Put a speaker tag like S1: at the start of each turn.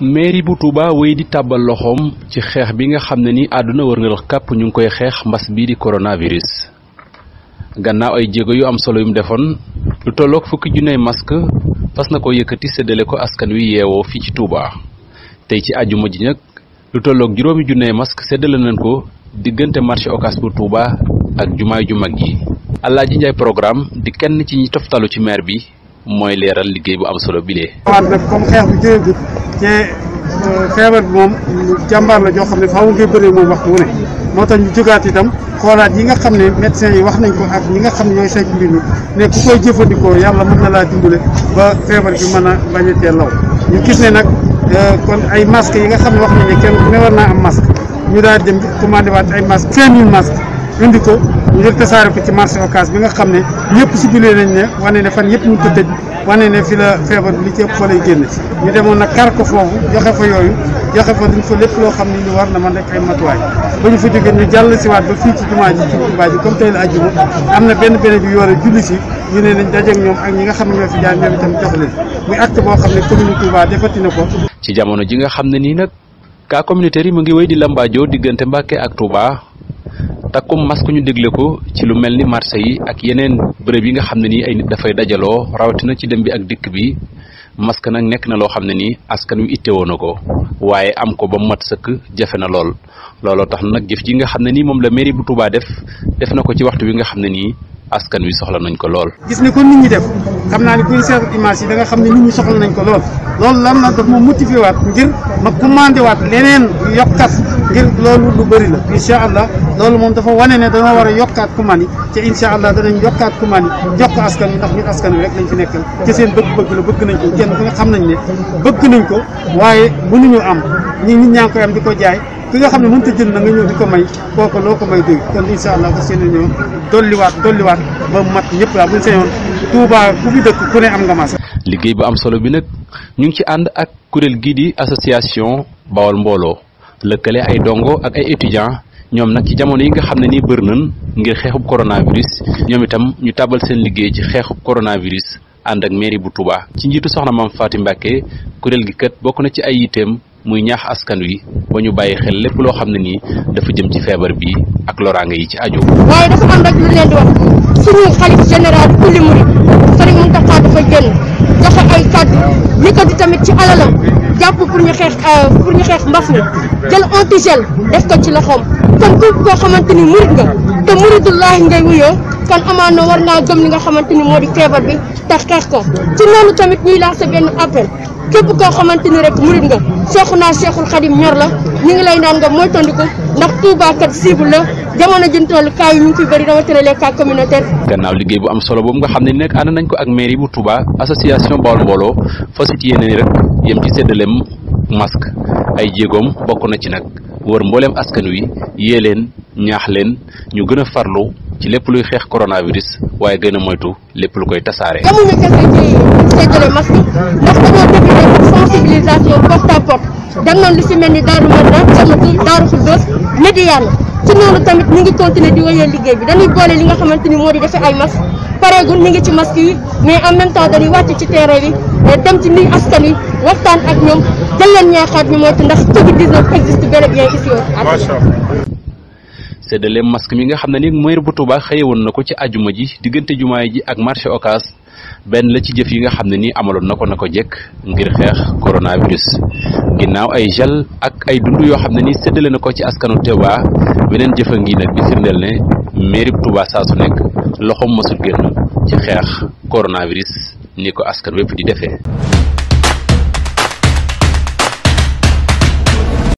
S1: mairie bu Touba wéy di tàbbal loxoom ci xeex bi nga xam ne ni àdduna wërngal kàpp ñu ngi koy xeex mbas bii di coronavirus gannaaw ay jéego yu am solo yum defoon lu tolloog fukki junney masque fas na ko yëkkati séddale ko askan wi yeewoo fii ci Touba tey ci àjjuma ji nag lu tolloog juróomi junney masque séddale nañ ko diggante marché Ocass bu Touba ak jumaay ju mag yi Alaaji Njaay programme di kenn ci ñi toftalu ci maire bi mooy leeral liggéey bu am solo bilee
S2: xeex bi jëyegut te euh, feebar bi moom jàmbaar la joo xam ne faaw ngay bëree moom waxtu wu ne moo tax ñu jógaat itam xoolaat yi nga xam ne médecins yi wax nañ ko ak ñi nga xam ñooy saytu mbir mi ne ku koy jëfandikoo yàlla mën na laa dimbale ba feebar bi mën a bañ a law ñu gis ne nag euh, kon ay masques yi nga xam ne wax nañ ne kenn ne war naa am masque ñu daal dem commandé waat ay masques 5000 masques indi ko ngir tasaare ko ci marché Ocass bi nga xam ne ñëpp si bilee nañ ne wane ne fan yëpp ñu ko tëj wane ne fi la feebar bi li ci ëpp fa lay génn ñu demoon nag kar ko foofu joxe yooyu joxe fa lépp loo xam ne ñu na mën rek ay matuwaay ba ñu fa jógee ñu jàll si waat ba am na benn benn bi yoore julli si ñu ne ñoom ak ñi nga xam ne ñoo fi jaar ñoom itam jox xam ne commune Touba ko
S1: ci jamono ji nga xam ne nii nag cas communautaire yi mu ngi wéy di lambaajoo diggante Mbàkke ak Touba takkum masque ñu dégle ko ci lu mel ni marché yi ak yeneen bërëb yi nga xam ne nii ay nit dafay dajaloo rawatina ci dem bi ak dikk bi masque nag nekk na loo xam ne nii askan wi ittewoo na ko waaye am ko ba mat sëkk jafe na lool looloo tax nag jëf ji nga xam ne nii moom la mairie bu Touba def def na ko ci waxtu wi nga xam ne nii askan wi soxla nañ ko lool.
S2: gis ni ko nit ñi def xam naa ne kuy seetlu image yi da nga xam ne nit ñi soxla nañ ko lool loolu lan la daf ma motivé waat ngir ma commandé leneen yokkat ngir loolu lu bëri la loolu moom dafa wane ne dana war a yokkaat Koumani te incha allah danañ yokkaat Koumani jox ko askan wi ndax ñun askan wi rek lañ fi nekkal ci seen bëgg-bëgg la bëgg nañ ko kenn xam nañ ne bëgg nañ ko waaye mënuñu am ñi nit ñaa ngi koy am jaay ki nga xam ne mënut a di ko may kooku loo ko may doy kon incha allah fas yéene ñëw dolliwaat dolliwaat ba mat ñëpp daal bu ñu sañoon Touba ku fi
S1: dëkk ku ne am nga maas. liggéey bu am solo bi nag ñu ngi ci ànd ak kuréel gii di association Bawol Mbooloo lëkkalee ay dongo ak ay étudiants ñoom nag ci jamono yi nga xam ne nii bër nan ngir xeexub coronavirus ñoom itam ñu tàbbal seen liggéey ci xeexub coronavirus ànd ak mairie bu tubaa ci njiitu soxna maam Faati Mbàkke kuréel gi kat bokk na ci ay yiteem muy ñaax askan wi ba ñu bàyyi xel lépp loo xam ne nii dafa jëm ci feebar bi ak loraange yi ci aju.
S3: waaye dafa am rek lu leen di wax suñu xalif général kulli murid Sëriñ Muntaxa dafa génn joxe ay kàddu yëkkati tamit ci alalam. jàpp pour ñu xeex euh, pour ñu xeex mbas mi jël antigel def ko ci la kon ku koo xamante ni murid nga te muridullahi ngay wuyoo kon amaan na war naa gëm li nga xamante ni moo di feebar bi te xeex ko ci noonu tamit ñuy lancer benn appel képp koo xamante ni rek murit nga seexu naa seexul xadim ñor la ñu ngi lay naan nga mooy ndax Touba kat la jamono jën toll cas yi ñu ngi fi bëri rawatina les
S1: gannaaw liggéey bu am solo boobu nga xam ne nag ànd nañ ko ak mairie bu Touba association Baol Mbollo fas yéene ni rek yem ci séddaleem masque ay jéegoom bokk na ci nag wër mbooleem askan wi yee leen ñaax leen ñu gën a farlu ci lépp luy xeex coronavirus waaye gën moytu lépp lu koy tasaare.
S3: sensibilisation porte à porte dem bi nga mi nga
S1: xam ne ni maire bu Touba woon na ko ci ajuma ji diggante jumaa ji ak marché okaas benn la ci jëf yi nga xam ne nii amaloon na ko na ko jekk ngir xeex coronavirus ginnaaw ay gel ak ay dund yoo xam ne nii séddale na ko ci askanu Touba beneen jëfa ngi nag di firndeel ne mairie Touba saa su nekk loxoom mësul génn ci xeex coronavirus ni ko askan wépp di defee